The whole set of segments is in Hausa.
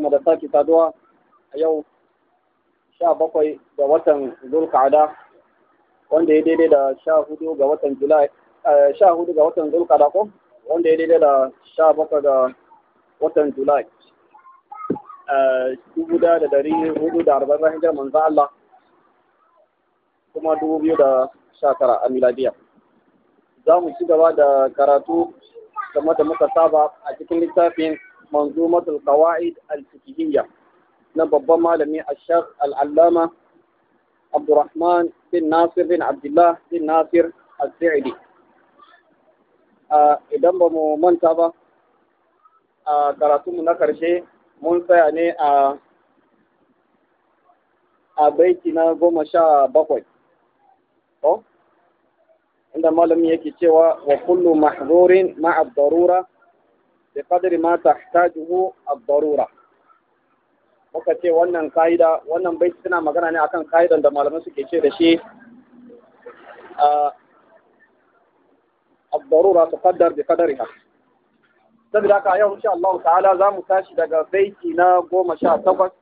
mu da sake saduwa a yau sha bakwai ga watan zulkada wanda ya daidai da sha hudu ga watan julai eh, sha hudu ga watan zulkada ko wanda ya daidai da sha bakwai ga watan julai eh, dubu da da dari hudu da arba'in rahim da manzo Allah kuma dubu biyu da sha tara a miladiya za mu ci gaba da karatu kamar da muka saba a cikin littafin manzumatul qawaid al-fiqhiyya na babban malami ash-shaykh al-allama Abdurrahman bin Nasir bin Abdullah bin Nasir idan ba mu manta ba a karatunmu na karshe mun tsaya ne a a goma sha bakwai inda malami yake cewa wa kullu mahzurin ma'a bi qadri ma tahtajuhu muka ce wannan kaida wannan bai suna magana ne akan kaidan da malamai suke ce da shi ad-darura tuqaddar bi qadriha saboda haka yau insha Allah ta'ala za mu tashi daga baiti na goma sha takwas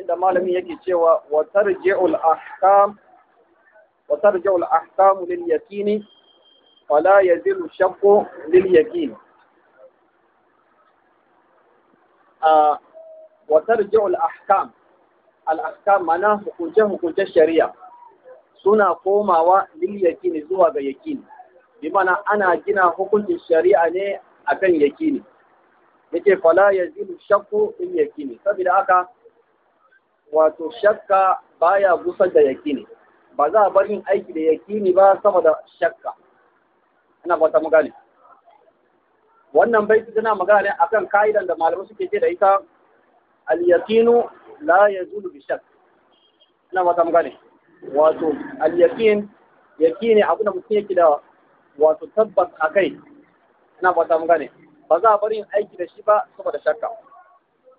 inda malamin yake cewa wa tarji'ul ahkam wa tarji'ul ahkam lil yaqini fala yazilu shakku lil yaqini a ahkam al ahkam mana hukunce-hukunce shari'a suna komawa lil yakini zuwa ga yakini bi mana ana gina hukuncin shari'a ne akan yakini yake fala ya shakku lil yakini saboda haka wato shakka baya gusar da yakini ba za a bar yin aiki da yakini ba sama shakka ina fata mu gane wannan baiti tana magana ne akan ka'idan da malamai suke ce da ita al-yaqinu la yazulu bi shakk ina mata magana wato al-yaqin yaqini abu da mutum yake da wato tabbas akai ina mata magana ba za a bari aiki da shi ba saboda shakka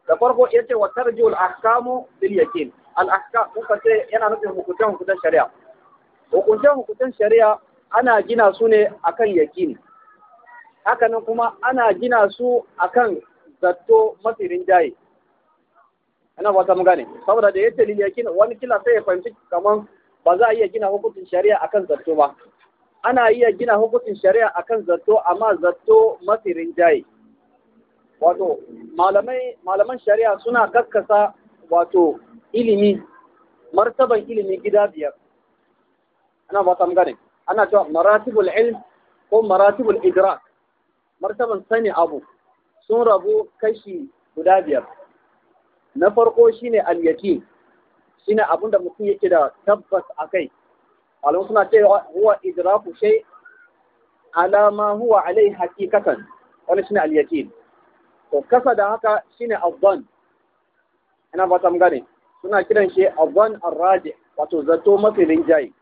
da farko ya ce wa tarjiul ahkamu bil yaqin al ahkam kuka ce yana nufin hukuncen hukuncen shari'a hukuncen hukuncen shari'a ana gina su ne akan yaqini hakanan kuma ana gina su akan zato masirin jaye ana fata mu gane saboda da ya ce, ya kina wani kila sai ya fahimci kaman ba za a iya gina hukuncin shari'a akan zato ba ana iya gina hukuncin shari'a akan zato amma zato masirin jaye wato malamai malaman shari'a suna kakkasa wato ilimi martaban ilimi gida biyar ana fata mu gane ana cewa maratibul ilm ko maratibul idrak martaban sani abu sun rabu kashi guda biyar na farko shine al-yaqin shine abin da mutum yake da tabbas akai alamu suna cewa huwa idraku shay ala ma huwa alai hakikatan wani shine al-yaqin to kasa da haka shine adhan ina ba ta gane suna kiran shi adhan ar-raji wato zato mafi rinjaye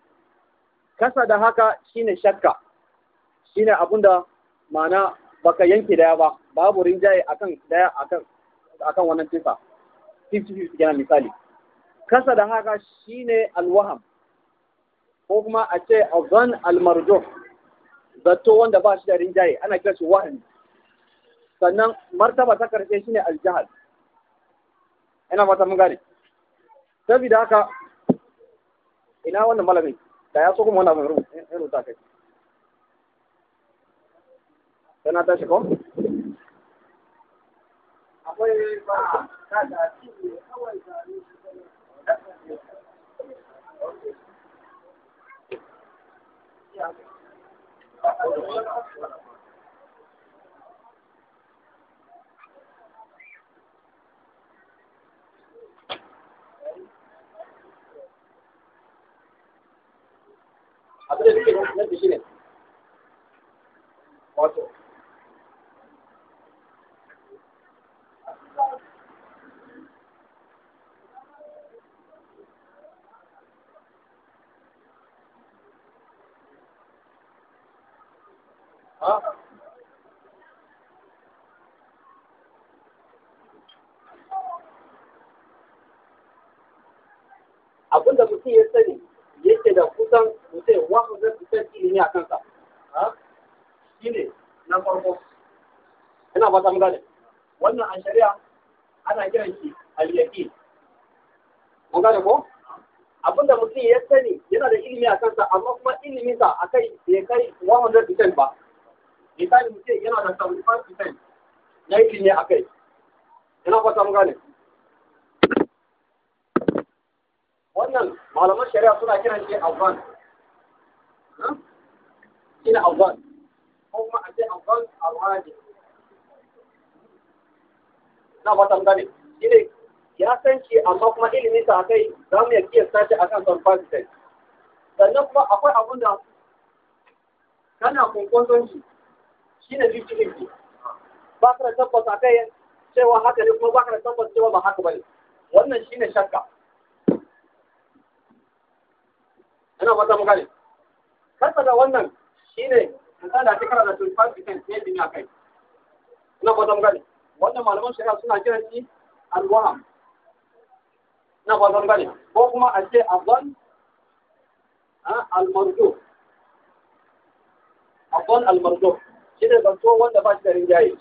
kasa da haka shine shakka shine abin da ma'ana baka yanke daya ba babu rinjaye akan daya akan akan wannan tsifa. 50-50 kenan misali kasa da haka shine alwaham ko kuma a ce azan Almarjo. zato wanda ba shi da rinjaye ana kira shi wahami sannan martaba ta karshe shine aljahal ina mata mun gane saboda haka ina wannan malamin da ya so kuma wannan abin rubuta kai sai na ko ba ta da fata gane wannan a shari'a ana kiran shi al-yaqin mun gane ko abinda mutum ya sani yana da ilimi a kansa amma kuma ilimin sa akai bai kai 100% ba misali mutum yana da 75% na ilimi akai ina fata mun gane wannan malaman shari'a suna kiran shi azan ina azan ko kuma a ce azan arwaji na fatan gane shine ya san shi amma kuma ilimin sa akai za mu iya kiyasta shi akan surface sannan kuma akwai abun da kana kunkunton shi shine fifty ba ka da tabbas akai cewa haka ne kuma ba ka da tabbas cewa ba haka bane wannan shine shakka ana fata mu gane kasa da wannan shine da ake kara da 25% ne bi a kai ina fata mu gane wannan malaman shari'a suna kiran shi alwaham na fatan bane ko kuma a ce azan almarjo azan almarjo shi ne zanto wanda ba shi da rinjaye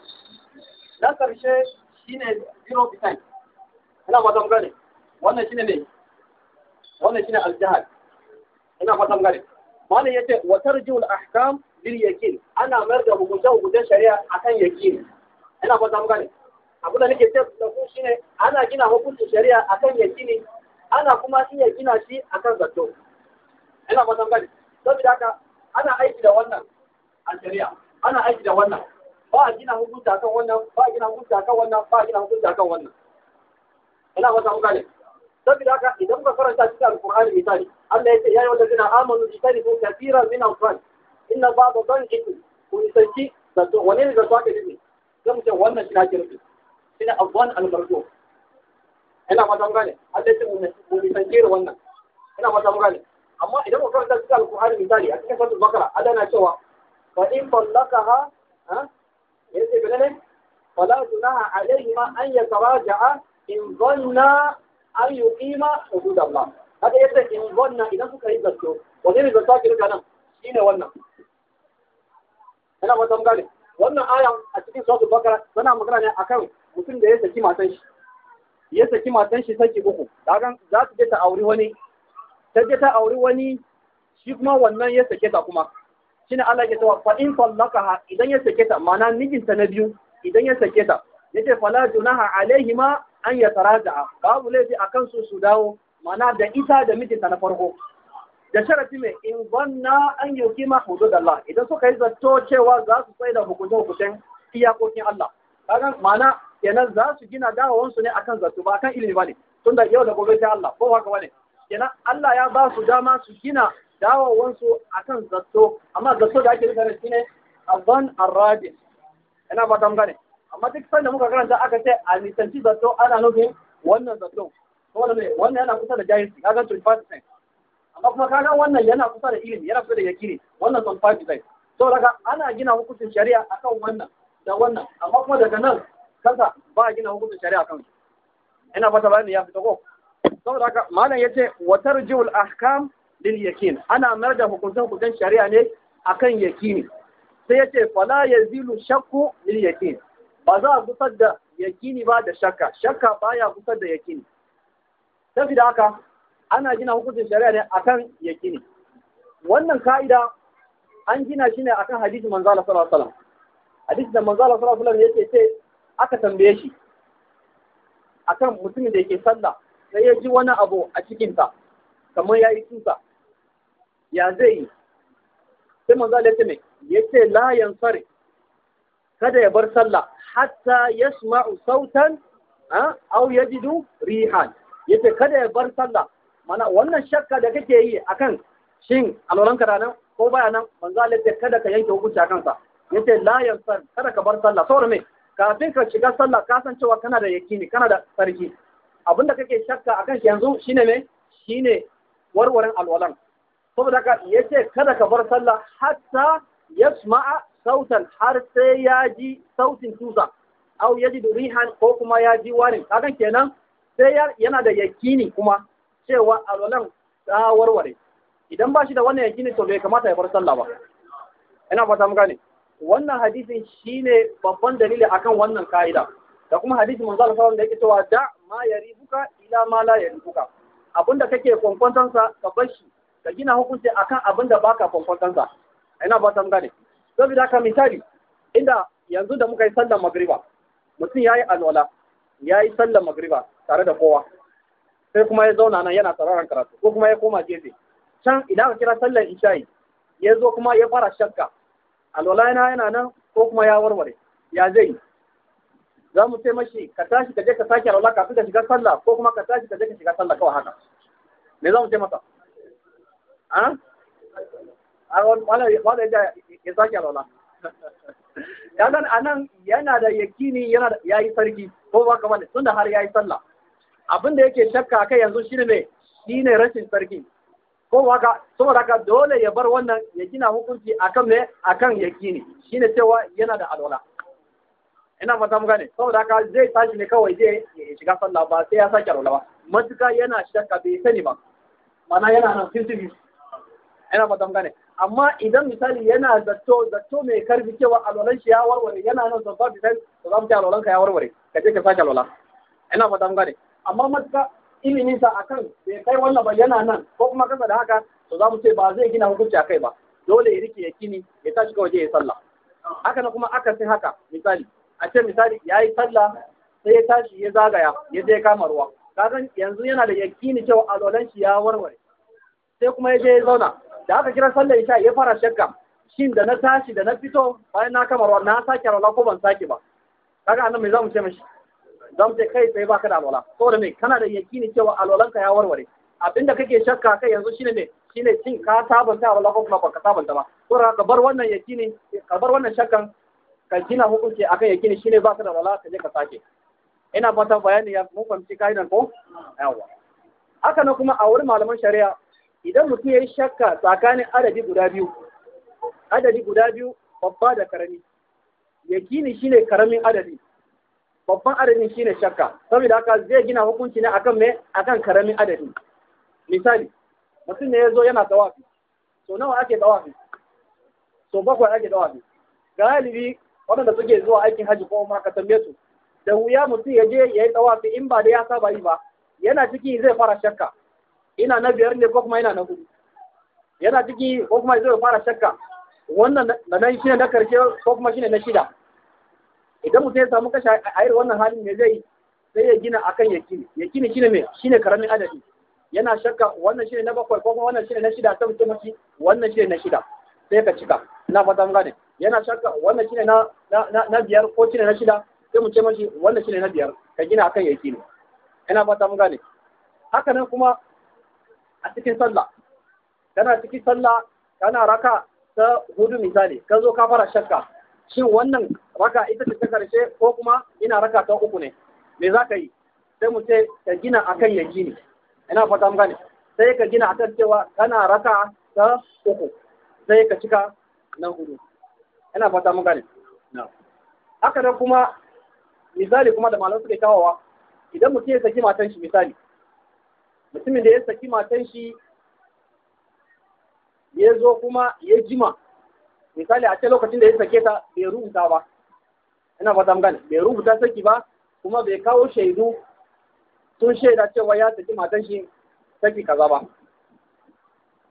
na karshe shi ne zero design ina fatan bane wannan shi ne ne wannan shi ne aljihar ina fatan bane malam yace wa tarjiul ahkam bil yakin ana mayar da hukunce hukuncen shari'a akan yakin ina fata mu gane abin da nake ce da ku shine ana gina hukuncin shari'a akan yakini ana kuma iya gina shi akan zato ina fata mu gane saboda haka ana aiki da wannan a shari'a ana aiki da wannan ba a gina hukunci akan wannan ba a gina hukunci akan wannan ba a gina hukunci akan wannan ina fata mu gane saboda haka idan ka karanta cikin alqur'ani misali Allah ya ce ya yi ayyuhal ladina amanu jitanibu kathiran min al-dhann inna ba'da ku kun sanki zato wani ne zato ake nufi sai mu ce wannan shi na kirki shi ne abuwan almarzo ina mata gane Allah ya ce mu nisance da wannan ina mata gane amma idan mu karanta cikin alkur'ani misali a cikin suratul bakara Allah na cewa fa in fallaka ha yace bilane fala junaha alayhima an yataraja'a in dhanna an yuqima hudud Allah haka yadda in dhanna idan suka yi zato wani ne zato kirka nan shine wannan ina mata gane wannan aya a cikin suratul bakara tana magana ne akan mutum da ya saki matan shi ya saki matan shi saki uku kaga za ta je ta auri wani ta je ta auri wani shi kuma wannan ya sake ta kuma shine Allah ya cewa fa in tallaqaha idan ya sake ta ma'ana mijinta na biyu idan ya sake ta yace fala junaha alaihima an yataraja'a babu laifi akan su su dawo ma'ana da ita da mijinta na farko da sharafi mai in gwanna an kima ma hudud Allah idan suka yi zato cewa za su tsaye da hukuncin hukuncin iyakokin Allah kaga ma'ana kenan za su gina dawowansu ne akan zato ba akan ilimi bane tunda yau da gobe ta Allah ko haka bane kenan Allah ya ba su dama su gina dawowansu akan zato amma zato da ake rubuta shine azan arrajin ina ba ta gane amma duk sanda muka karanta aka ce a nisanci zato ana nufin wannan zato wannan yana kusa da jahilci kaga 25% amma kuma kaga wannan yana kusa da ilimi yana kusa da yakini wannan son fafi zai saboda ka ana gina hukuncin shari'a akan wannan da wannan amma kuma daga nan kansa ba a gina hukuncin shari'a kan ina fata bayani ya fito ko saboda haka malam yace wa tarjiul ahkam lil yakin ana mayar da hukuncin hukuncin shari'a ne akan yakini sai yace fala yazilu shakku lil yakin ba za a gusar da yakini ba da shakka shakka baya gusar da yakini sai da haka ana gina hukuncin shari'a ne akan yaqini wannan ka'ida an gina shi ne akan hadisi manzo Allah sallallahu alaihi wasallam hadisi da manzo Allah sallallahu alaihi wasallam yake ce aka tambaye shi akan mutumin da yake sallah sai ya ji wani abu a cikinta kamar ya yi kusa. ya zai yi sai manzo Allah ya ce me yace la yansari kada ya bar sallah hatta yasma'u sautan aw yajidu rihan yace kada ya bar sallah mana wannan shakka da kake yi akan shin alwalanka da nan ko baya nan manzo Allah ya kada ka yanke hukunci akan sa yace la yansar kada ka bar sallah saboda me kafin ka shiga sallah ka san cewa kana da yakini kana da sarki abinda kake shakka akan shi yanzu shine me shine warwarin alwalan saboda ka yace kada ka bar sallah hatta yasma'a sautan har sai ya ji sautin tusa au yaji rihan ko kuma ya ji warin kaga kenan sai yana da yakini kuma cewa alwalan ta warware idan ba shi da wannan yakini to bai kamata ya bar sallah ba ina fata mun gane wannan hadisin shine babban dalili akan wannan ka'ida da kuma hadisi manzo Allah sallallahu alaihi wasallam da yake cewa da ma yaribuka ila ma la yaribuka abinda kake kwankwantan sa ka bar shi ka gina hukunci akan abinda baka kwankwantan sa ina fata mun gane saboda haka misali inda yanzu da muka yi sallar magriba mutum yayi alwala yayi sallar magriba tare da kowa sai kuma ya zauna nan yana tsararan karatu ko kuma ya koma gefe can idan aka kira sallar isha'i ya zo kuma ya fara shakka alwala yana yana nan ko kuma ya warware ya zai za mu sai mashi ka tashi ka je ka sake alwala kafin ka shiga sallah ko kuma ka tashi ka je ka shiga sallah kawai haka me za mu sai masa a wanda ya ya sake alwala kaga nan yana da yakini yana ya yi sarki ko ba ka bane tunda har ya yi sallah abin da yake shakka kai yanzu shine ne ne rashin sarki ko waka saboda haka dole ya bar wannan ya gina hukunci akan ne akan yakini shine cewa yana da alwala ina fata mu gane saboda haka zai tashi ne kawai zai ya shiga sallah ba sai ya sake alwala ba matuka yana shakka bai sani ba mana yana nan fifty ina fata mu gane amma idan misali yana zato zato mai karfi cewa alwalan shi ya warware yana nan zamba misali to za mu ce alwalan ka ya warware ka je ka sake alwala ina fata mu gane amma matuka ilimin sa akan bai kai wannan ba yana nan ko kuma kasa da haka to za mu ce ba zai gina hukunci akai ba dole ya rike ya kini ya tashi kawai ya salla haka na kuma aka sai haka misali a ce misali ya yi sallah sai ya tashi ya zagaya ya je kama ruwa kaga yanzu yana da yakini cewa alolan shi ya warware sai kuma ya je ya zauna da haka kira sallar isha ya fara shakka shin da na tashi da na fito bayan na kama ruwa na sake rola ko ban sake ba kaga annabi mai mu ce mishi za mu ce kai tsaye baka da alwala saboda me kana da yakini cewa alwalanka ya warware abinda kake shakka kai yanzu shine me shine cin ka sabanta alwala ko kuma baka sabanta ba saboda ka bar wannan yakini ka bar wannan shakkan ka gina hukunci akan yakini shine baka da alwala ka je ka sake ina fata bayani ya mun fahimci kaidan ko yawa haka na kuma a wurin malaman shari'a idan mutum ya yi shakka tsakanin adadi guda biyu adadi guda biyu babba da karami yakini shine karamin adadi babban adadin shine shakka saboda haka zai gina hukunci ne akan me akan karamin adadi misali mutum ne ya zo yana tawafi so nawa ake tawafi so bakwai ake tawafi galibi waɗanda suke zuwa aikin hajji ko ma ka tambaye su da wuya mutum ya je ya yi tawafi in ba da ya saba yi ba yana ciki zai fara shakka ina na biyar ne ko kuma ina na hudu yana ciki ko kuma zai fara shakka wannan da nan shine na karshe ko kuma shine na shida idan mutum ya samu kashi a irin wannan halin ne zai sai ya gina akan yakini yakini shine me shine karamin adadi yana shakka wannan shine na bakwai ko wannan shine na shida sai mutum mashi wannan shine na shida sai ka cika ina fata mun gane yana shakka wannan shine na na biyar ko shine na shida sai mu ce mashi wannan shine na biyar ka gina akan yakini ina fata mun gane haka nan kuma a cikin sallah kana cikin sallah kana raka ta hudu misali ka zo ka fara shakka shin wannan raka ita ce ta karshe ko kuma ina raka ta uku ne me za ka yi sai mu ce ka gina akan yakini ina fata mu gane sai ka gina akan cewa kana raka ta uku sai ka cika na hudu ina fata mu gane haka da kuma misali kuma da malam suke kawowa idan mutum ya saki matan shi misali mutumin da ya saki matan shi ya zo kuma ya jima misali a ce lokacin da ya sake ta bai rubuta ba ina fata gane bai rubuta saki ba kuma bai kawo shaidu sun shaida cewa ya saki matan shi saki kaza ba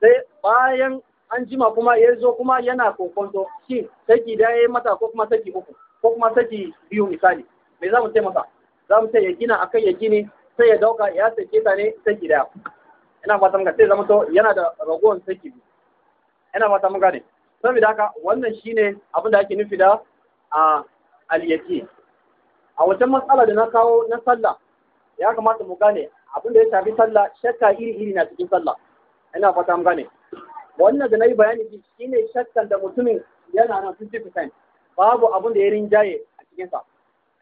sai bayan an jima kuma ya zo kuma yana kokonto shi saki da ya yi mata ko kuma saki uku ko kuma saki biyu misali Mai za mu ce masa za mu ce ya gina akan ya gini sai ya dauka ya sake ta ne saki daya ina fata gane sai zama to yana da ragowar saki biyu ina fata muka gane saboda haka wannan shine abin da ake nufi da a aliyaki a wata matsala da na kawo na sallah ya kamata mu gane abin da ya shafi sallah shakka iri iri na cikin sallah ina fata mu gane wannan da na yi bayani shine shakkan da mutumin yana nan 50% babu abin da ya rinjaye a cikin sa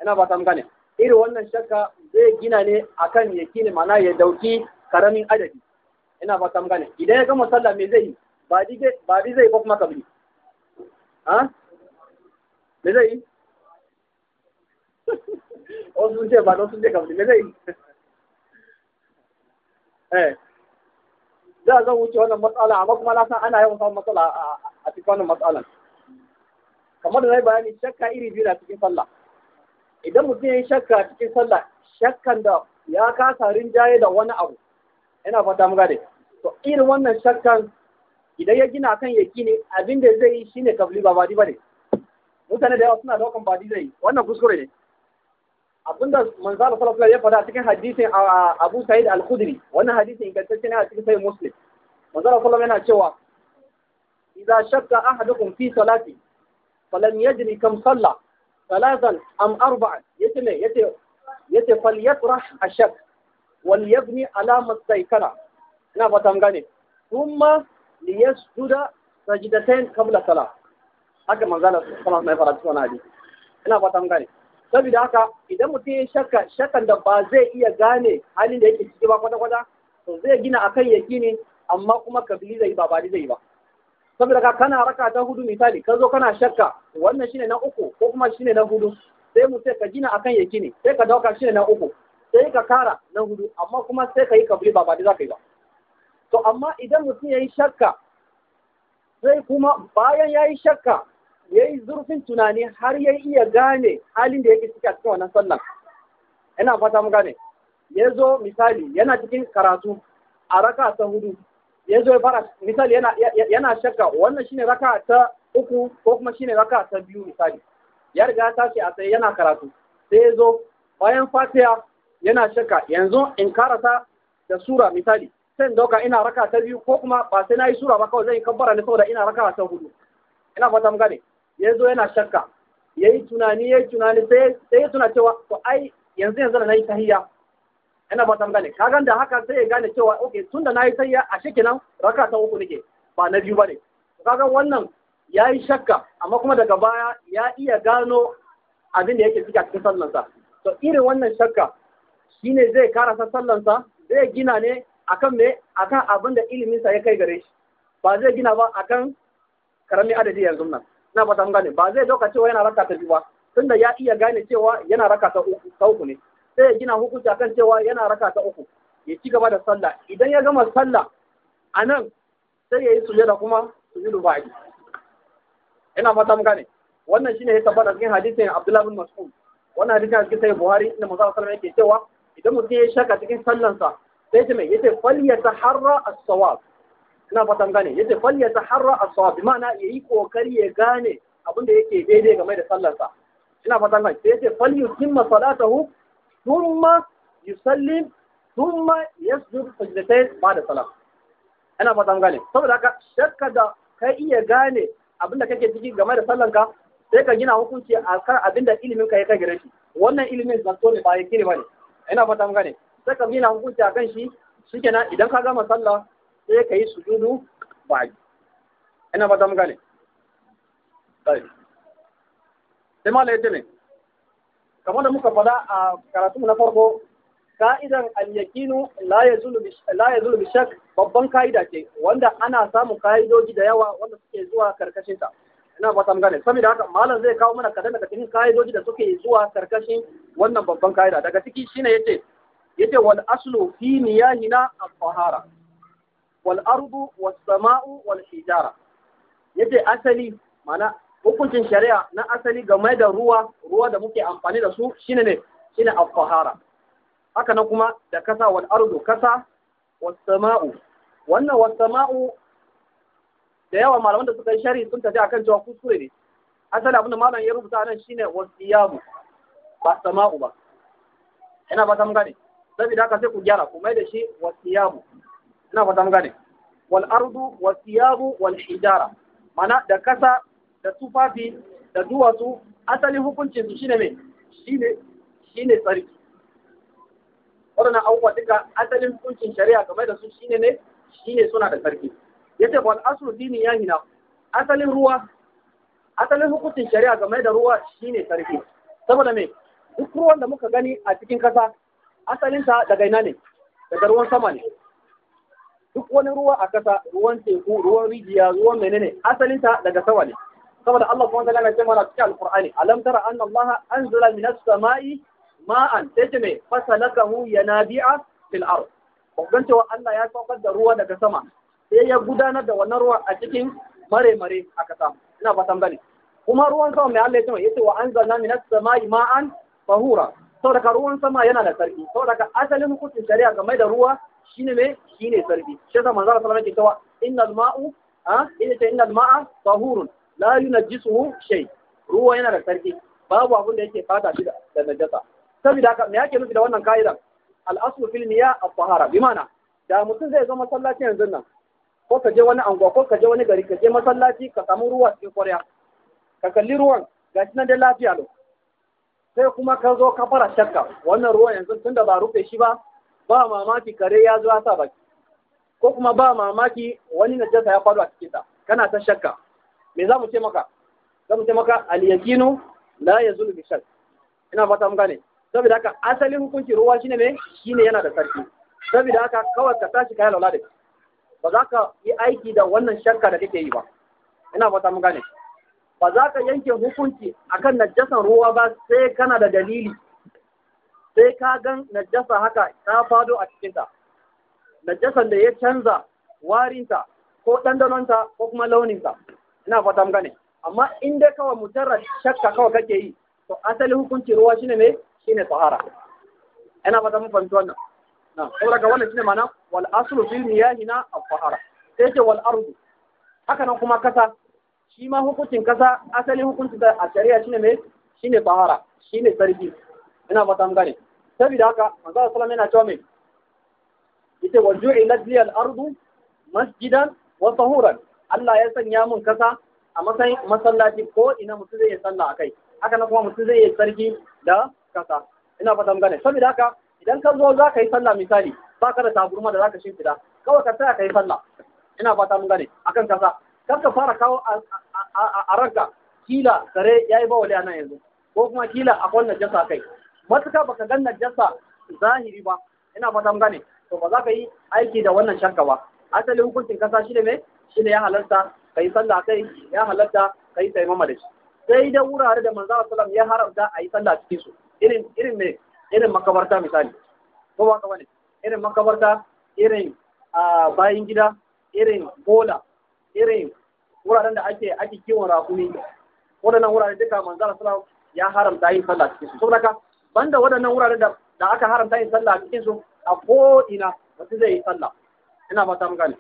ina fata mu gane irin wannan shakka zai gina ne akan yakini mana ya dauki karamin adadi ina fata mu gane idan ya gama sallah me zai yi ba bi zai ko kuma kabili ha me zai yi wasu sun ce ba don sun je kamar me zai yi eh da zan wuce wannan matsala amma kuma na san ana yawan samun matsala a cikin wannan matsalan kamar da na bayani shakka iri biyu na cikin sallah idan mutum ya yi shakka cikin sallah shakkan da ya kasa rinjaye da wani abu yana fata mu gade to irin wannan shakkan idan ya gina kan yaki ne abin da zai yi shine kabli ba badi bane mutane da yawa suna daukan badi zai wannan kuskure ne abinda manzo Allah sallallahu alaihi ya faɗa cikin hadisin Abu Sa'id al-Khudri wannan hadisin ingantacce ne a cikin sahih Muslim manzo Allah sallallahu yana cewa idza shakka ahadukum fi salati falam yadri kam salla ثلاثا أم أربعا يتم يتم يتم فليطرح الشك وليبني على ما استيقن ina fata gane kuma ليسجد سجدتين قبل salam haka manzala sallallahu alaihi ما ya hadisi ina fata mun غاني haka idan mutum ya shakka shakkan da ba zai iya gane halin da yake ciki ba kwata kwata to zai gina akan yakini amma kuma kabili zai ba bari zai ba saboda ka kana raka ta hudu misali ka zo kana shakka wannan shine na uku ko kuma na hudu sai mu sai ka gina akan yakini sai ka dauka shine na uku sai ka kara na hudu amma kuma sai ka yi kabli ba ba za ka yi ba to amma idan mutum ya yi shakka sai kuma bayan ya yi shakka ya yi zurfin tunani har ya iya gane halin da yake ciki a cikin wannan sallan Yana fata mu gane ya zo misali yana cikin karatu a raka ta hudu ya zo ya fara misali yana shakka wannan shine raka ta uku ko kuma shine raka ta biyu misali ya riga ta ce a sai yana karatu sai ya zo bayan fatiya yana shakka yanzu in karata da sura misali sai dauka ina raka ta biyu ko kuma ba sai nayi sura ba kawai zan yi kabbara ne saboda ina raka ta hudu ina fata mun gane ya yana shakka ya yi tunani ya yi tunani sai ya tuna cewa to ai yanzu yanzu na yi tahiyya ina fata mun gane ka da haka sai ya gane cewa ok tunda nayi tahiyya a shi nan raka ta uku nake ba na biyu ba ne kaga wannan ya yi shakka amma kuma daga baya ya iya gano abin da yake ciki a cikin sallansa to irin wannan shakka shine zai karasa sallansa zai gina ne akan me akan abin da ilimin sa ya kai gare shi ba zai gina ba akan karami adadi yanzu nan ina ba ta gane ba zai doka cewa yana raka ta biyu ba tunda ya iya gane cewa yana raka ta uku ta uku ne sai ya gina hukunci akan cewa yana raka ta uku ya ci gaba da sallah idan ya gama sallah a nan sai ya yi sujada kuma sujudu ba'i ina ba ta gane wannan shine ya tabbata cikin hadisin Abdullah bin Mas'ud wannan hadisin cikin sahih Buhari inda manzo sallallahu alaihi wasallam yake cewa idan mutum ya shaka cikin sallansa sai ce mai yace falyataharra as-sawab ina fatan gane yace falyataharra as-sawab ma'ana yi kokari ya gane abin da yake daidai game da sallarsa ina fatan gane sai ce yace falyutimma salatahu thumma yusallim thumma yasjudu sajdatayn ba'da salam ina fatan gane saboda haka shakka da ka iya gane abin da kake ciki game da sallanka sai ka gina hukunci a kan abin da ilimin ka ya kai gare shi wannan ilimin zato ne ba ya ba ne, ina fatan gane sai ka gina hukunci a kan shi shikenan idan ka gama sallah sai ka yi sujudu ba ina ba ta mu gane sai ma laifin ne kamar da muka faɗa a karatu na farko ka'idan al-yakinu la yazulu bi shak babban ka'ida ce wanda ana samun ka'idoji da yawa wanda suke zuwa karkashin ta ina ba ta mu gane saboda haka malam zai kawo mana kadan daga cikin ka'idoji da suke zuwa karkashin wannan babban ka'ida daga ciki shine yace yace wal aslu fi niyahina al fahara. wal ardu was sama'u wal hijara yace asali mana hukuncin shari'a na asali game da ruwa ruwa da muke amfani da su shine ne shine al fahara. haka nan kuma da kasa wal ardu kasa was sama'u wannan was sama'u da yawa malaman da suka yi shari'a sun tafi akan cewa kuskure ne asali abinda malam ya rubuta nan shine iyabu ba sama'u ba Ina ba ta gane saboda haka sai ku gyara ku mai da shi wasiyabu ina fata mun gane wal ardu wasiyabu wal hijara mana da kasa da tufafi da duwatsu asali hukuncin su shine me shine shine tsarki wannan abubuwa duka asalin hukuncin shari'a game da su shine ne shine suna da tsarki yace wal asru dini yahina asalin ruwa asalin hukuncin shari'a game da ruwa shine tsarki saboda me duk ruwan da muka gani a cikin kasa asalinta daga ina ne daga ruwan sama ne duk wani ruwa a kasa ruwan teku ruwan rijiya ruwan menene asalinta daga sama ne saboda Allah kuma ta'ala ce mana cikin alqur'ani alam tara anna Allah anzala minas samai ma'an tace me fasalakahu yanabi'a fil ard kun cewa Allah ya saukar da ruwa daga sama sai ya gudanar da wannan ruwa a cikin mare-mare a kasa ina fatan gani kuma ruwan sama mai Allah ya ce wa anzalna minas samai ma'an fahura saboda ruwan sama yana da sarki saboda asalin hukuncin shari'a game da ruwa shine me shine sarki shi yasa manzo sallallahu alaihi wasallam yake innal ma'u ha ina ta innal ma'a tahurun la yunajjisuhu shay ruwa yana da sarki babu abin da yake fata shi da najasa saboda haka me yake nufi da wannan kaida al-aslu fil niya at-tahara bi ma'ana da mutum zai zo masallaci yanzu nan ko ka je wani anguwa ko ka je wani gari ka je masallaci ka samu ruwa cikin kwarya ka kalli ruwan gashi nan dai lafiya lo sai kuma ka zo ka fara shakka wannan ruwan yanzu tun da ba rufe shi ba ba mamaki kare ya zo ya sa baki ko kuma ba mamaki wani najasa ya faru a cikin ta kana ta shakka me za mu ce maka za mu ce maka al yaqinu la yazulu bi shakk ina fata mun gane saboda haka asalin hukunci ruwa shine me shine yana da sarki saboda haka kawai ka tashi kayan laula da ba za ka yi aiki da wannan shakka da kake yi ba ina fata mun gane ba za ka yanke hukunci akan najasan ruwa ba sai kana da dalili sai ka gan najasa haka ta fado a cikinta najasan da ya canza warinta ko ɗandanonta ko kuma launinta ina fata gane amma in dai kawai mutarar shakka kawai kake yi to asali hukunci ruwa shine Shi shine tsohara ina fata mun fahimci wannan na Ko ga wannan shine ma'ana wal aslu fil miyahina al tsohara sai ce wal ardu haka nan kuma kasa shi ma hukuncin kasa asalin hukuncin da a shari'a shine mai shine fahara shine sarki ina fata mun gane saboda haka manzo sallallahu alaihi yana cewa mai yace wa ju'ilat li al-ardu masjidan wa tahuran Allah ya sanya mun kasa a matsayin masallaci ko ina mutum zai yi sallah akai haka na kuma mutum zai yi sarki da kasa ina fata mun gane saboda haka idan ka zo za ka yi sallah misali ba ka da taburma da za ka shimfida kawai ka tsaya ka yi sallah ina fata mun gane akan kasa kar ka fara kawo a ragga, kila kare ya yi bawali a yanzu ko kuma kila a akwai najasa kai matuka baka gan najasa zahiri ba ina fata mun gane to ba za ka yi aiki da wannan shakka ba asalin hukuncin kasa shi ne me shi ne ya halarta kai sallah kai ya halarta kai taimama da shi sai da wurare da manzo sallam ya haramta a yi sallah cikin su irin irin me irin makabarta misali ko ba ka bane irin makabarta irin bayin gida irin bola irin wuraren da ake ake kiwon raƙumi waɗannan wurare duka manzo Allah sallallahu ya haramta yin sallah cikin su saboda ka banda waɗannan wuraren da da aka haramta yin sallah cikin su a ko ina mutum zai yi sallah ina fata mun gane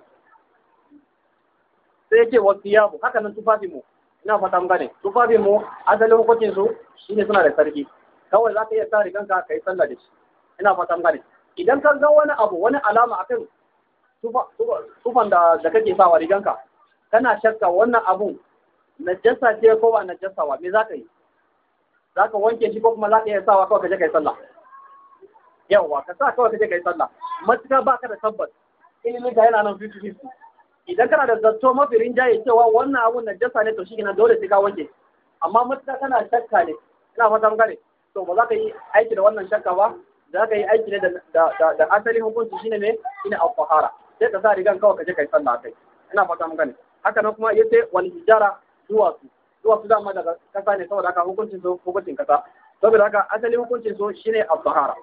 sai yake wasu yabu haka nan tufafi mu ina fata mun gane tufafi mu asalin hukuncin su shine suna da sarki kawai za ka iya sa riganka ka yi sallah da shi ina fata mun gane idan ka ga wani abu wani alama akan tufan da kake sawa riganka kana shakka wannan abun najasa ce ko ba najasa ba me zaka yi zaka wanke shi ko kuma zaka iya sawa kawai ka je kai sallah yawa ka sa kawai ka je kai sallah matuka baka da tabbas ilimin ka yana nan 50 idan kana da zato mafi rinjaye cewa wannan abun najasa ne to shi kenan dole sai ka wanke amma matuka kana shakka ne ina mata mun gane to ba za ka yi aiki da wannan shakka ba za ka yi aiki ne da asalin hukunci shine ne shine al-fahara sai ka sa rigan kawai ka je kai sallah kai ina fata mun gane haka nan kuma ce wal hijara duwatsu duwatsu dama daga kasa ne saboda haka hukuncin su hukuncin kasa saboda haka asalin hukuncin su shine al-bahara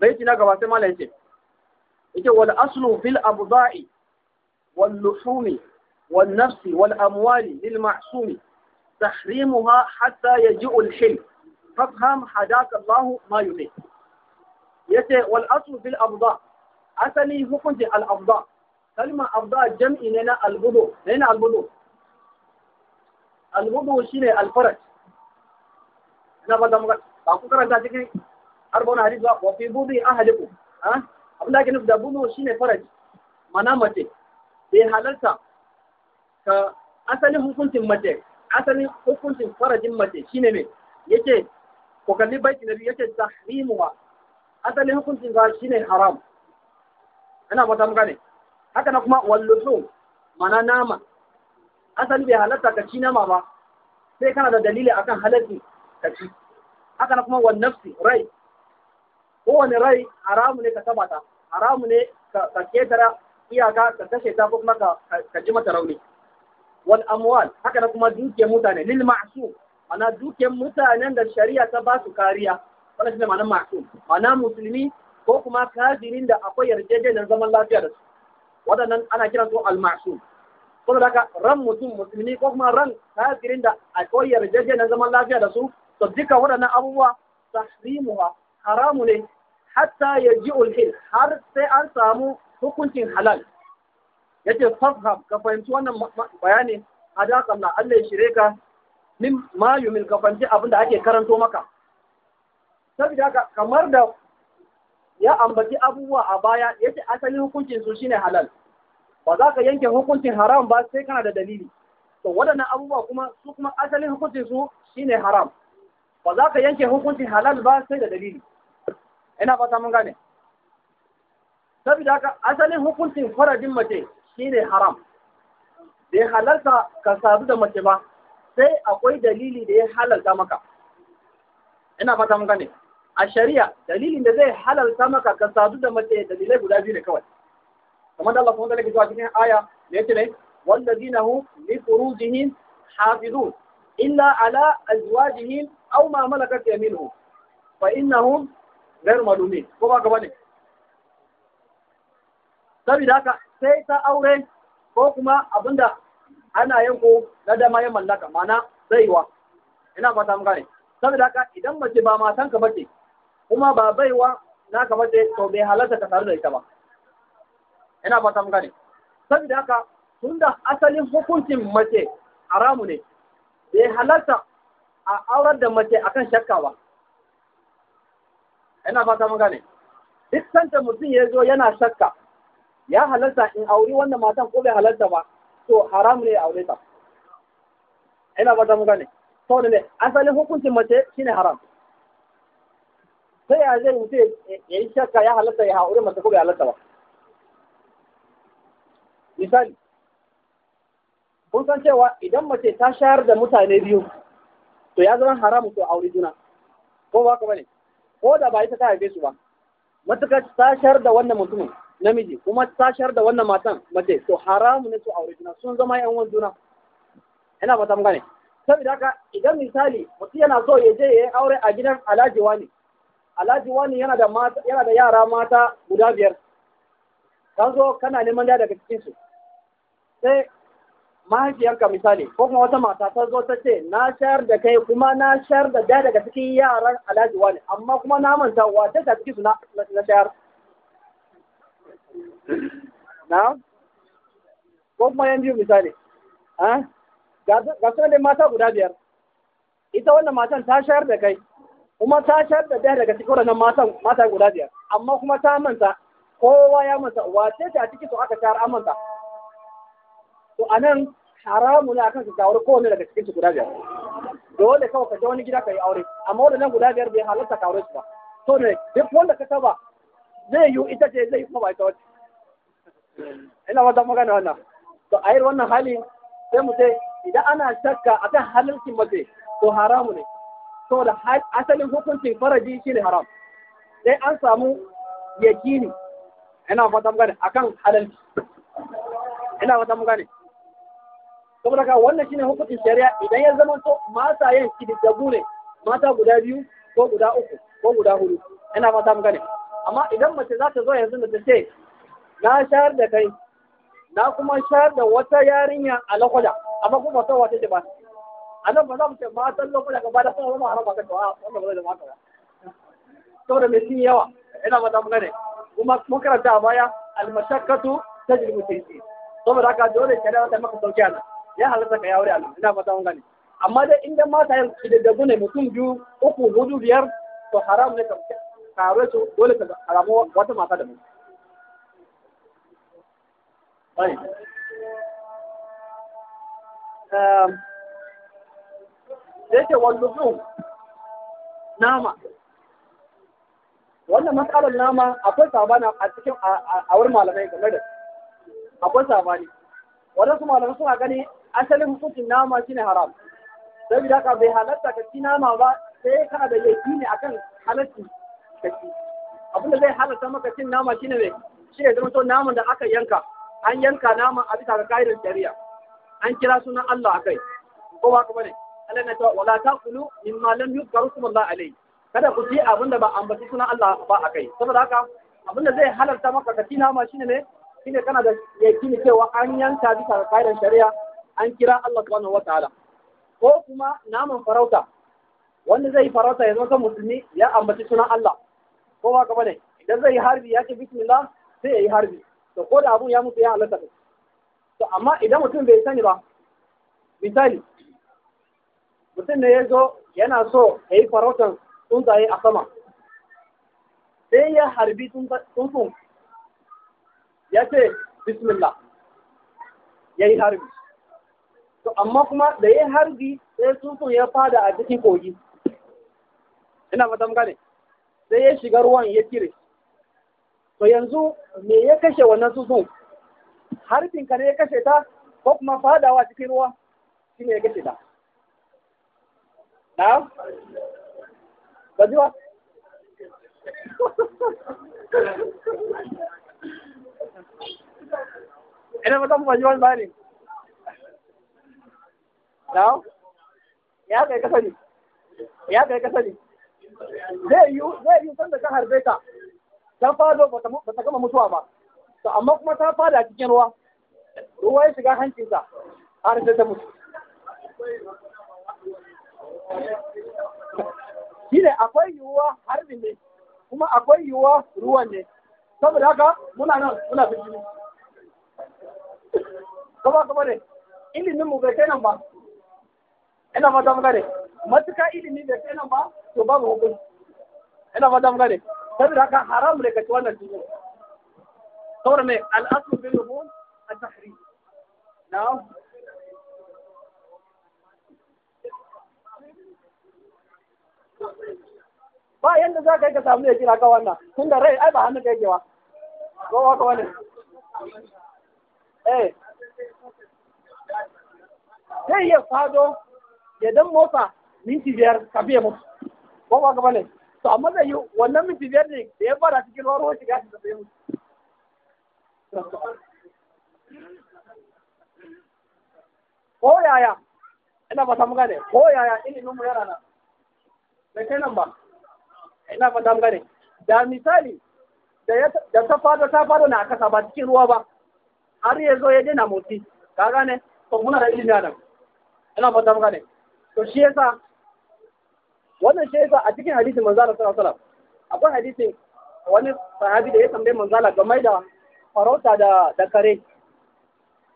baiti na gaba sai mala yace yace wal aslu fil abda'i wal luhumi wal nafsi wal amwali lil ma'sumi تحريمها حتى يجيء الحلم فافهم حداك الله ما يريد yace wal aslu fil afda asali hukunci al afda kalmar abda jam'i ne na albudu ne na albudu albudu shine alfarat na ba mu ba ku karanta cikin arba'un hadisi wa fi budi ahliku ha abin da ake nufi da budu shine faraj mana mace bai halarta ka asalin hukuncin mace asalin hukuncin farajin mace shine me yake ko kalli baiti na biyu yake tahrimuwa asalin hukuncin ga shine haram ina mata ta mu gane haka na kuma wallusu mana nama asali bai halatta ka ci nama ba sai kana da dalili akan halarci ka ci haka na kuma wan nafsi rai kowane rai haramu ne ka tabata. haramu ne ka ketara iyaka ka kashe ta ko kuma ka ji mata rauni wal amwal haka na kuma dukiyar mutane lil ma'su ana dukiyar mutanen da shari'a ta ba su kariya wannan shine ma'anar ma'su ma'ana musulmi ko kuma kafirin da akwai yarjejeniyar zaman lafiya da su waɗannan ana kiran su al-ma'sum saboda haka ran mutum musulmi ko kuma ran kafirin da akwai na zaman lafiya da su to duka waɗannan abubuwa tahrimuha haramu ne hatta yaji ulhil har sai an samu hukuncin halal yace fafham ka fahimci wannan bayani hadaka Allah Allah ya shirye ka min ma yumil ka fahimci abin da ake karanto maka Sabida haka kamar da ya ambaci abubuwa a baya ya ce asalin hukuncin su shine halal ba za ka yanke hukuncin haram ba sai kana da dalili to waɗannan abubuwa kuma su kuma asalin hukuncin su shine haram ba za ka yanke hukuncin halal ba sai da dalili ina fata mun gane saboda haka asalin hukuncin faradin mace shine haram bai halarta ka sadu da mace ba sai akwai dalili da ya halarta maka ina fata mun gane a shari'a dalilin da zai halalta maka ka sadu da mace dalilai guda biyu ne kawai kamar da Allah kuma zalika zuwa cikin aya da yake ne wallazina hu li furujihim hafizun illa ala azwajihim aw ma malakat yaminuhum fa innahum ghayr malumin ko ba gaba ne saboda haka sai ta aure ko kuma abinda ana yanko na dama ya mallaka mana saiwa ina fata mun gane saboda haka idan mace ba matanka bace kuma ba baiwa na kamar da to bai halarta ka tare da ita ba ina fata mun gane saboda haka tunda asalin hukuncin mace haramu ne bai halarta a aurar da mace akan shakka ba ina fata mun gane duk sanda mutum ya zo yana shakka ya halarta in auri wannan matan ko bai halarta ba to haramu ne aure ta ina fata mun gane to ne asalin hukuncin mace shine haram ta ya zai mutu ya yi shakka ya halatta ya haƙuri masa ko bai halatta ba misali kun san cewa idan mace ta shayar da mutane biyu to ya zama haramun to aure juna ko ba ka bane ko da ba ita ta haife su ba matuƙar ta shayar da wannan mutumin namiji kuma ta shayar da wannan matan mace to haramun ne su aure juna sun zama yan uwan juna ina ba ta gane saboda haka idan misali mutum yana so ya je ya yi aure a gidan alhaji ne. alhaji wani yana da mata yana da yara mata guda biyar kan zo kana neman da daga cikin su sai mahaifiyarka misali ko kuma wata mata ta zo ta ce na shayar da kai kuma na shayar da daya daga cikin yaran alhaji wani amma kuma na manta wace ta cikin su na shayar na ko kuma yan biyu misali ah, ga su mata guda biyar ita wannan matan ta shayar da kai kuma ta shayar da ɗaya daga cikin wadannan matan matan guda biyar amma kuma ta manta kowa ya manta wace ce ciki to su aka shayar an manta to anan haramu ne akan su kawar kowanne daga cikin su guda biyar dole kawai ka je wani gida ka yi aure amma wadannan guda biyar bai halarta ka aure su ba to ne duk wanda ka taba zai yi ita ce zai yi kuma ba ita wace. ina wata magana wannan to a yi wannan hali sai mu ce idan ana shakka akan halarcin mace to haramu ne da asalin hukuncin faraji shine haram sai an samu yakini ina fata mu akan halalci ina fata mu gane saboda ka wannan shine hukuncin shari'a idan ya zama to mata yan kididdagu ne mata guda biyu ko guda uku ko guda hudu ina fata mu amma idan mace za ta zo yanzu da ta ce na shayar da kai na kuma shayar da wata yarinya a lakwada amma kuma ta wata ce ba a nan ba za mu ce matan lokuta gaba da kuma wani harama ka ah, kawa wannan ba zai zama kawa saboda mai sun yawa ina ba za mu gane kuma mun a baya almashakkatu tajribu taysir saboda haka dole shari'a ta maka sauki nan ya halatta ka yawo da alu ina ba za amma dai in dan mata ne mutum biyu uku hudu biyar to haram ne ka da yake wallubu nama wannan matsalar nama akwai sabana a cikin awar malamai game da akwai sabani wadansu malamai suna gani asalin hukuncin nama shine haram saboda haka bai halatta ka ci nama ba sai kana da yakini akan halatti ka ci abinda zai halatta maka cin nama shine mai shi ne zama to nama da aka yanka an yanka nama a bisa ga kayan shari'a an kira sunan Allah akai ko ba ne. Allah na cewa wala taqulu mimma lam yuzkaru smullahi alayhi kada ku ci abin da ba ambaci sunan Allah ba a kai saboda haka abin da zai halarta maka ka ci nama shine ne shine kana da yakini cewa an yanka bisa ga kaidan shari'a an kira Allah subhanahu wataala ko kuma naman farauta wanda zai farauta ya zama musulmi ya ambaci sunan Allah ko ba ka bane idan zai harbi ya ce bismillah sai ya yi harbi to ko da abun ya mutu ya halarta to amma idan mutum bai sani ba misali mutum ne ya zo yana so ya yi farautan tsuntsaye a sama sai ya harbi tsuntsun ya ce bismillah ya yi harbi to amma kuma da ya harbi sai tsuntsun ya fada a cikin kogi ina fata gane sai ya shiga ruwan ya kire to yanzu me ya kashe wannan tsuntsun harbin ka ne ya kashe ta ko kuma fadawa cikin ruwa ne ya kashe ta na ba ji ba ina ba zan fahimci wani bani na ya kai kasa ne ya kai kasa ne zai yi zai yi sanda ka harbe ka ta fado ba ta gama mutuwa ba to amma kuma ta fada cikin ruwa ruwa ya shiga hancinsa har sai ta mutu shine akwai yiwuwa harbi ne kuma akwai yiwuwa ruwan ne saboda haka muna nan muna jini kuma kuma ne ilimin mu bai kai nan ba ina ma muka ne matuka ilimi bai kai nan ba to babu hukunci ina ma muka ne saboda haka haram ne ka ci wannan cikin saboda mai al'asu bin rubun a tahri na'am ba yanda za ka yi ka samu ya kira ka wannan tun da rai ai ba hannu ka yi kewa. ko ba ka wani eh sai iya fado ya dan motsa minti biyar ka biya mu. ko ba ka wani to amma zai yi wannan minti biyar ne da ya fara cikin ruwa ruwa shiga shi da biya mu ko yaya ina ba samu gane ko yaya ilimin mu yana nan bai kai nan ba ina fata gane da misali da ta fado ta fado na kasa ba cikin ruwa ba har ya zo ya dina motsi ka gane to muna da ilimi nan ina fata gane to shi yasa wannan shi yasa a cikin hadisin manzo Allah sallallahu alaihi wasallam akwai hadisin wani sahabi da ya tambaye manzo Allah game da farauta da da kare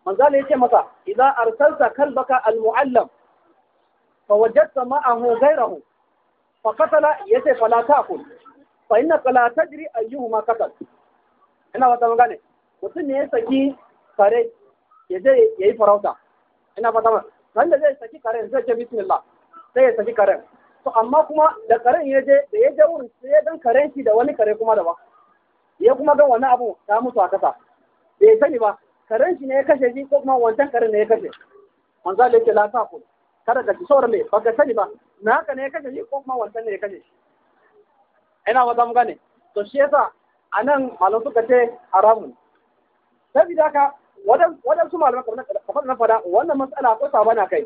manzo Allah ya ce masa idza arsalta kalbaka almuallam fa wajadta ma'ahu ghayrahu fa katala yace fala takul fa inna fala ayyuhu ayyuhuma qatal ina fata mun mutum ne ya saki kare ya je yayi farauta ina fata mun kan zai saki karen zai ce bismillah sai ya saki karen to amma kuma da karen ya je da ya je wurin sai ya dan karen shi da wani kare kuma da ba, ya kuma ga wani abu ta mutu a kasa bai sani ba karen shi ne ya kashe shi ko kuma wancan karen ne ya kashe manzo Allah ya ce la takul kada ka ci sauran me ka sani ba na haka ne ya kashe shi ko kuma wancan ne ya kashe shi ina wata mu gane to shi yasa a nan malam suka ce haramun saboda haka su malamai kamar na fada wannan matsala akwai sabana kai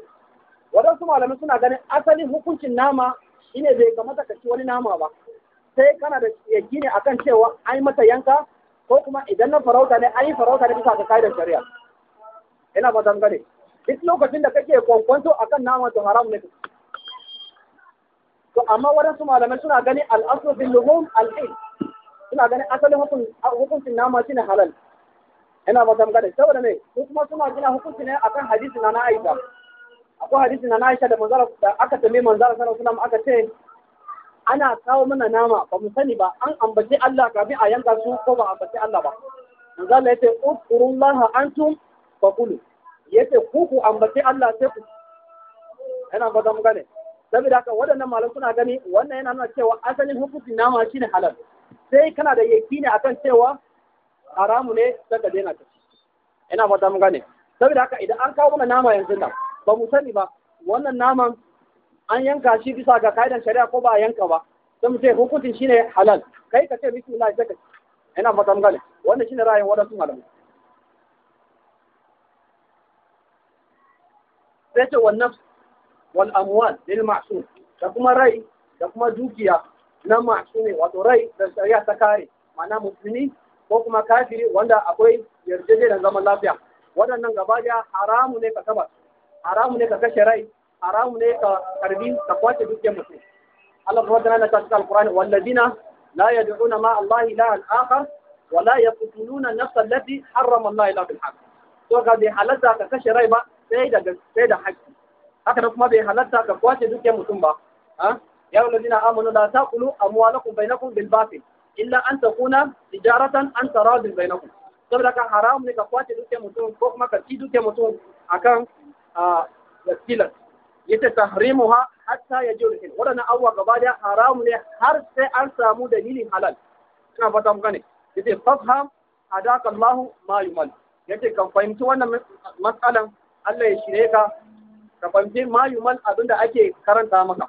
su malamai suna ganin asalin hukuncin nama shine bai kamata ka ci wani nama ba sai kana da ne akan cewa an yi mata yanka ko kuma idan na farauta ne an yi farauta ne bisa ga kaidar shari'a ina ba gane. duk lokacin da kake kwankwanto akan nama to haram ne to amma waɗansu malamai suna ganin al'asul bil luhum al'il suna ganin asalin hukuncin nama shine halal ina ba gane saboda ne su kuma suna gina hukuncin ne akan hadisi na na Aisha akwai hadisi na na Aisha da manzara da aka tambaye manzara sallallahu alaihi aka ce ana kawo mana nama ba mu sani ba an ambaci Allah kafin a yanka su ko ba ambaci Allah ba manzara ce uqurullaha antum faqulu yace ku ku ambaci Allah sai ku ina ba gane saboda haka waɗannan malam suna gani wannan yana nuna cewa asalin hukuncin nama shine halal sai kana da ne akan cewa haramu ne daga daina ta ina fata mun gane saboda haka idan an kawo mana nama yanzu nan ba mu sani ba wannan naman an yanka shi bisa ga kaidan shari'a ko ba a yanka ba sai mu ce hukuncin shine halal kai ka ce bismillah sai ka ina fata mun gane wannan shine ra'ayin wadansu malamai sai ce wannan Wal'amuwan amwal lil da kuma rai da kuma dukiya na ma'sumi wato rai da shari'a ta kare ma'ana musulmi ko kuma kafiri wanda akwai yarjejeniyar zaman lafiya waɗannan gaba daya haramu ne ka kaba haramu ne ka kashe rai haramu ne ka karbi ka kwace dukiyar mutum Allah subhanahu wa ta'ala ta cikin alqur'ani walladina la yad'una ma Allah ilahan akhar wa la yaqtuluna an-nafs allati harrama Allah illa bil haqq to ga bai halatta ka kashe rai ba sai da haƙƙi haka kuma bai halatta ka kwace dukiyar mutum ba ya wani zina amanu la taqulu amwalakum bainakum bil batil illa an takuna tijaratan an taradin bainakum saboda ka haram ne ka kwace dukiyar mutum ko kuma ka ci dukiyar mutum akan wasilar yace tahrimuha hatta yajul hil wadannan abubuwa gaba da haram ne har sai an samu dalilin halal ina fata muka ne yace fafham hadaka Allah ma yumal yace kan fahimci wannan mas'alan Allah ya shirye ka ka fahimci ma abin da ake karanta maka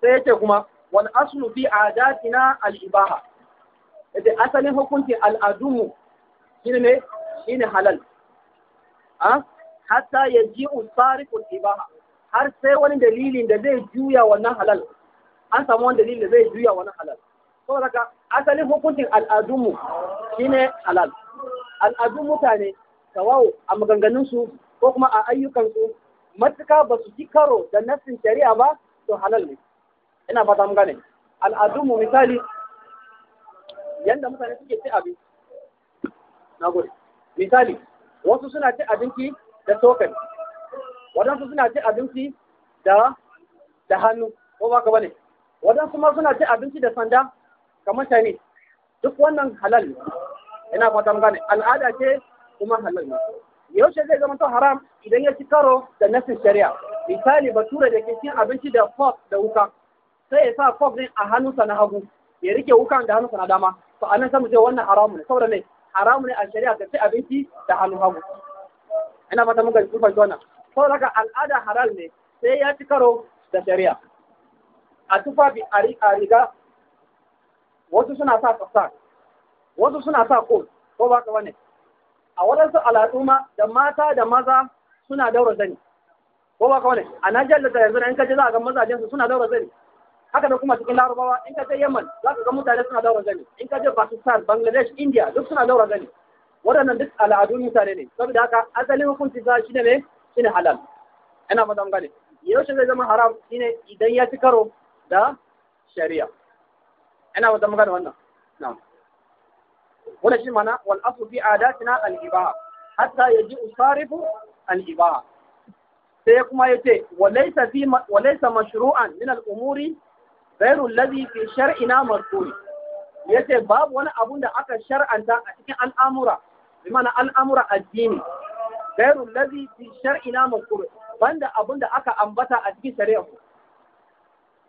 sai yake kuma wani aslu fi adatina na ibaha yace asalin hukuncin al'adunmu shine ne ne halal Ha? hatta ji sariqul ibaha har sai wani dalilin da zai juya wannan halal an samu wani dalilin da zai juya wannan halal so daga asalin hukuncin al'adunmu shine halal al'adun mutane kawawo a maganganunsu ko kuma a ayyukansu matuka ba su ci karo da nassin shari'a ba to halal ne ina fata mun gane al'adunmu misali yanda mutane suke ci abinci na gode misali wasu suna ci abinci da token waɗansu suna ci abinci da da hannu ko ba ka bane waɗansu ma suna ci abinci da sanda kamar shani duk wannan halal ne ina fata mun gane al'ada ce kuma halal ne yaushe zai zama to haram idan ya ci karo da nasin shari'a misali bature da ke cin abinci da fork da wuka sai ya sa fork din a hannunsa na hagu ya rike wukan da hannunsa na dama to anan sai mu ce wannan haramu ne saboda me haramu ne a shari'a ka ci abinci da hannun hagu ina fata muka kufa wannan saboda ka al'ada halal ne sai ya ci karo da shari'a a tufa bi a riga wasu suna sa fasa, wasu suna sa ko ko ba ka wani a waɗansu al'adu ma da mata da maza suna daura zani ko ba kawai a najiyar da yanzu in ka je za a ga mazajen su suna daura zani haka da kuma cikin Larabawa in ka je Yemen za ka ga mutane suna daura zani in ka je Pakistan Bangladesh India duk suna daura zani waɗannan duk al'adu mutane ne saboda haka asalin hukunci za shi ne ne halal ina ma gane yaushe zai zama haram shine idan ya ci karo da shari'a ina ma gane wannan na'am wannan shi mana wal aslu fi adatina al ibaha hatta yaji usarifu al ibaha sai kuma yace walaysa fi walaysa mashru'an min al umuri ghayru alladhi fi shar'ina marfu'i yace babu wani abun da aka shar'anta a cikin al'amura bi mana al'amura addini ghayru alladhi fi shar'ina marfu'i banda abun da aka ambata a cikin shari'a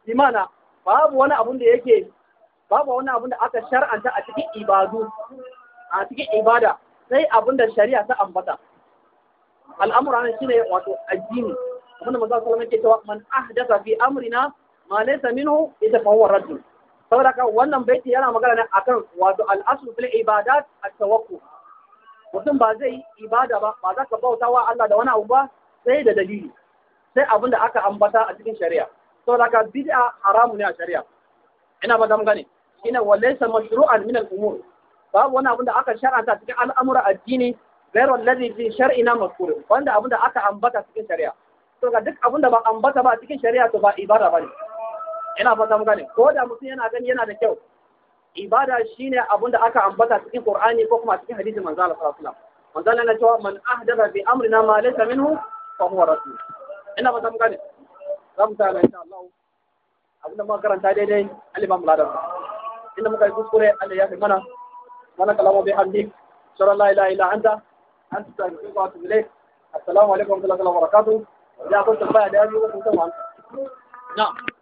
bi mana babu wani abun da yake babu wani abin da aka shar'anta a cikin ibadu a cikin ibada sai abin da shari'a ta ambata al'amura ne shine wato addini abin da manzo sallallahu alaihi cewa man ahdatha fi amrina ma laysa minhu ita fa huwa radd saboda ka wannan baiti yana magana ne akan wato al'aslu fil ibadat at-tawakkul mutum ba zai ibada ba ba za ka bauta wa Allah da wani abu ba sai da dalili sai abin da aka ambata a cikin shari'a saboda ka bid'a haramu ne a shari'a ina ba gane ina walaysa mashru'an min al-umur babu wani abin da aka shar'anta cikin al'amura addini ghayru alladhi fi shar'ina mazkur wanda abin da aka ambata cikin shari'a to ga duk abin da ba ambata ba cikin shari'a to ba ibada bane ina fata mu gane ko da mutum yana gani yana da kyau ibada shine abin da aka ambata cikin Qur'ani ko kuma cikin hadisi manzo Allah sallallahu alaihi wasallam manzo Allah ya ce man ahdatha bi amrina ma laysa minhu fa huwa rasul ina fata mu gane ramta mu insha Allah abin da muka karanta daidai al Ladan inda muka yi kuskure Allah ya fi mana mana kalamu bi hamdik sallallahu la ilaha illa anta anta astaghfiruka wa atubu ilayk assalamu alaikum wa rahmatullahi wa barakatuh ya kun tambaya da yaji ko kun san na'am